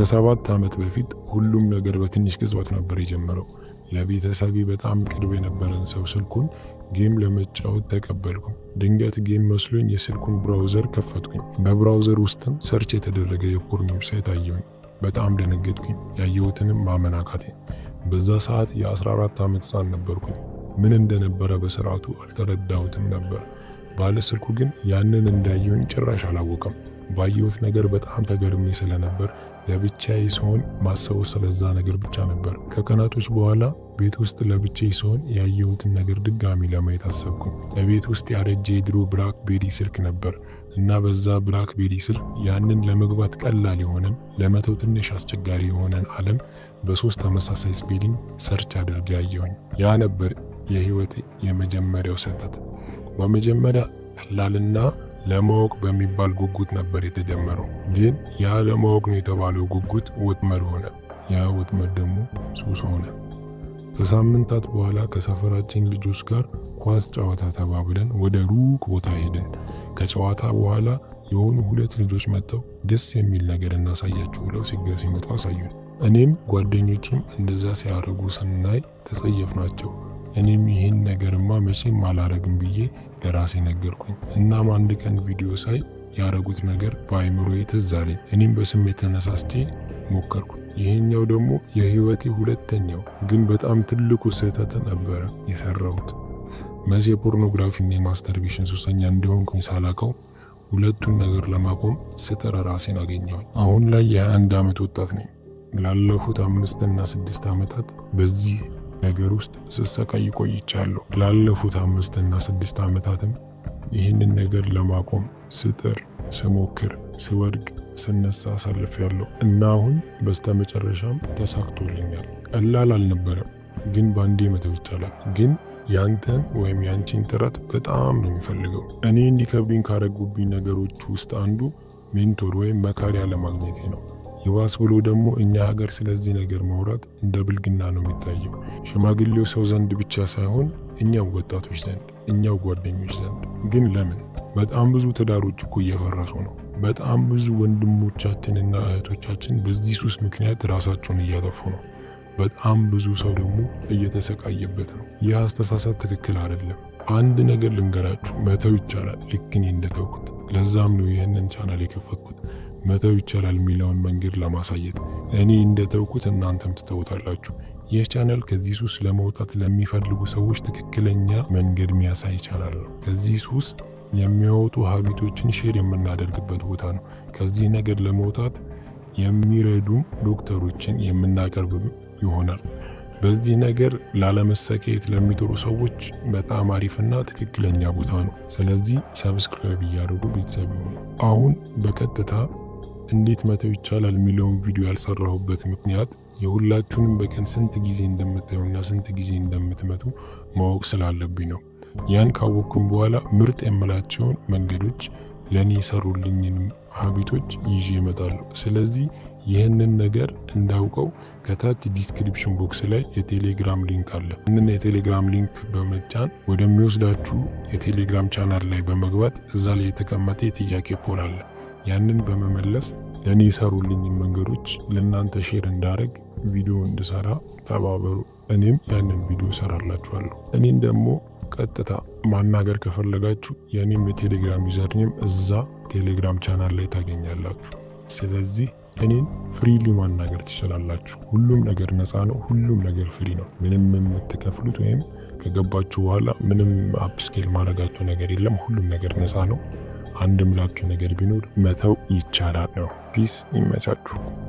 ከሰባት ዓመት በፊት ሁሉም ነገር በትንሽ ቅጽበት ነበር የጀመረው። ለቤተሰቤ በጣም ቅርብ የነበረን ሰው ስልኩን ጌም ለመጫወት ተቀበልኩ። ድንገት ጌም መስሎኝ የስልኩን ብራውዘር ከፈትኩኝ። በብራውዘር ውስጥም ሰርች የተደረገ የፖርን ዌብሳይት አየሁኝ። በጣም ደነገጥኩኝ። ያየሁትንም ማመን አቃተኝ። በዛ ሰዓት የ14 ዓመት ህፃን ነበርኩኝ። ምን እንደነበረ በስርዓቱ አልተረዳሁትም ነበር። ባለ ስልኩ ግን ያንን እንዳየሁኝ ጭራሽ አላወቀም። ባየሁት ነገር በጣም ተገርሜ ስለነበር ለብቻዬ ሲሆን ማሰቡ ስለዛ ነገር ብቻ ነበር። ከቀናቶች በኋላ ቤት ውስጥ ለብቻዬ ስሆን ያየሁትን ነገር ድጋሚ ለማየት አሰብኩ። ለቤት ውስጥ ያረጀ የድሮ ብራክ ቤሪ ስልክ ነበር እና በዛ ብራክ ቤሪ ስልክ ያንን ለመግባት ቀላል የሆነን ለመተው ትንሽ አስቸጋሪ የሆነን ዓለም በሶስት ተመሳሳይ ስፔሊንግ ሰርች አድርጌ ያየሁኝ። ያ ነበር የህይወት የመጀመሪያው ስህተት። በመጀመሪያ ቀላልና ለማወቅ በሚባል ጉጉት ነበር የተጀመረው። ግን ያ ለማወቅ ነው የተባለው ጉጉት ወጥመድ ሆነ። ያ ወጥመድ ደግሞ ሱስ ሆነ። ከሳምንታት በኋላ ከሰፈራችን ልጆች ጋር ኳስ ጨዋታ ተባብለን ወደ ሩቅ ቦታ ሄድን። ከጨዋታ በኋላ የሆኑ ሁለት ልጆች መጥተው ደስ የሚል ነገር እናሳያችሁ ብለው ሲጋ ሲመጡ አሳዩን። እኔም ጓደኞችም እንደዛ ሲያደርጉ ስናይ ናቸው። እኔም ይህን ነገርማ መቼም አላረግም ብዬ ለራሴ ነገርኩኝ። እናም አንድ ቀን ቪዲዮ ሳይ ያረጉት ነገር በአይምሮዬ ትዝ አለኝ። እኔም በስሜት ተነሳስቼ ሞከርኩ። ይሄኛው ደግሞ የህይወቴ ሁለተኛው ግን በጣም ትልቁ ስህተት ነበረ የሰራሁት። መቼ የፖርኖግራፊና የማስተርቤሽን ሱሰኛ እንደሆንኩኝ ሳላቀው ሁለቱን ነገር ለማቆም ስጥር ራሴን አገኘዋል። አሁን ላይ የ21 ዓመት ወጣት ነኝ። ላለፉት አምስትና ስድስት ዓመታት በዚህ ነገር ውስጥ ስሰቃይ ቆይቻለሁ። ላለፉት አምስትና ስድስት ዓመታትም ይህንን ነገር ለማቆም ስጥር፣ ስሞክር፣ ስወድቅ፣ ስነሳ አሳልፍ ያለው እና አሁን በስተመጨረሻም ተሳክቶልኛል። ቀላል አልነበረም፣ ግን በአንዴ መተው ይቻላል። ግን ያንተን ወይም ያንቺን ጥረት በጣም ነው የሚፈልገው። እኔ እንዲከብኝ ካረጉብኝ ነገሮች ውስጥ አንዱ ሜንቶር ወይም መካሪ ለማግኘቴ ነው። ይባስ ብሎ ደግሞ እኛ ሀገር ስለዚህ ነገር ማውራት እንደ ብልግና ነው የሚታየው። ሽማግሌው ሰው ዘንድ ብቻ ሳይሆን እኛው ወጣቶች ዘንድ፣ እኛው ጓደኞች ዘንድ። ግን ለምን በጣም ብዙ ትዳሮች እኮ እየፈረሱ ነው። በጣም ብዙ ወንድሞቻችንና እህቶቻችን በዚህ ሱስ ምክንያት ራሳቸውን እያጠፉ ነው። በጣም ብዙ ሰው ደግሞ እየተሰቃየበት ነው። ይህ አስተሳሰብ ትክክል አይደለም። አንድ ነገር ልንገራችሁ፣ መተው ይቻላል። ልክ እኔ እንደተውኩት። ለዛም ነው ይህንን ቻናል የከፈትኩት። መተው ይቻላል የሚለውን መንገድ ለማሳየት እኔ እንደተውኩት እናንተም ትተውታላችሁ። ይህ ቻነል ከዚህ ሱስ ለመውጣት ለሚፈልጉ ሰዎች ትክክለኛ መንገድ ሚያሳይ ቻናል ነው። ከዚህ ሱስ የሚያወጡ ሀቢቶችን ሼር የምናደርግበት ቦታ ነው። ከዚህ ነገር ለመውጣት የሚረዱ ዶክተሮችን የምናቀርብ ይሆናል። በዚህ ነገር ላለመሰቃየት ለሚጥሩ ሰዎች በጣም አሪፍና ትክክለኛ ቦታ ነው። ስለዚህ ሰብስክራይብ እያደረጉ ቤተሰብ ይሆኑ። አሁን በቀጥታ እንዴት መተው ይቻላል የሚለውን ቪዲዮ ያልሰራሁበት ምክንያት የሁላችሁንም በቀን ስንት ጊዜ እንደምታዩና ስንት ጊዜ እንደምትመቱ ማወቅ ስላለብኝ ነው። ያን ካወቅኩም በኋላ ምርጥ የምላቸውን መንገዶች ለእኔ የሰሩልኝንም ሀቢቶች ይዤ እመጣለሁ። ስለዚህ ይህንን ነገር እንዳውቀው ከታች ዲስክሪፕሽን ቦክስ ላይ የቴሌግራም ሊንክ አለ። ይህንን የቴሌግራም ሊንክ በመጫን ወደሚወስዳችሁ የቴሌግራም ቻናል ላይ በመግባት እዛ ላይ የተቀመጠ የጥያቄ ፖል አለ። ያንን በመመለስ ለእኔ የሰሩልኝ መንገዶች ለእናንተ ሼር እንዳደረግ ቪዲዮ እንድሰራ ተባበሩ። እኔም ያንን ቪዲዮ እሰራላችኋለሁ። እኔን ደግሞ ቀጥታ ማናገር ከፈለጋችሁ የእኔም የቴሌግራም ዩዘርኔም እዛ ቴሌግራም ቻናል ላይ ታገኛላችሁ። ስለዚህ እኔን ፍሪሊ ማናገር ትችላላችሁ። ሁሉም ነገር ነፃ ነው። ሁሉም ነገር ፍሪ ነው። ምንም የምትከፍሉት ወይም ከገባችሁ በኋላ ምንም አፕስኬል ማድረጋችሁ ነገር የለም። ሁሉም ነገር ነፃ ነው። አንድ ምላክ ነገር ቢኖር መተው ይቻላል ነው። ፒስ ይመቻችሁ።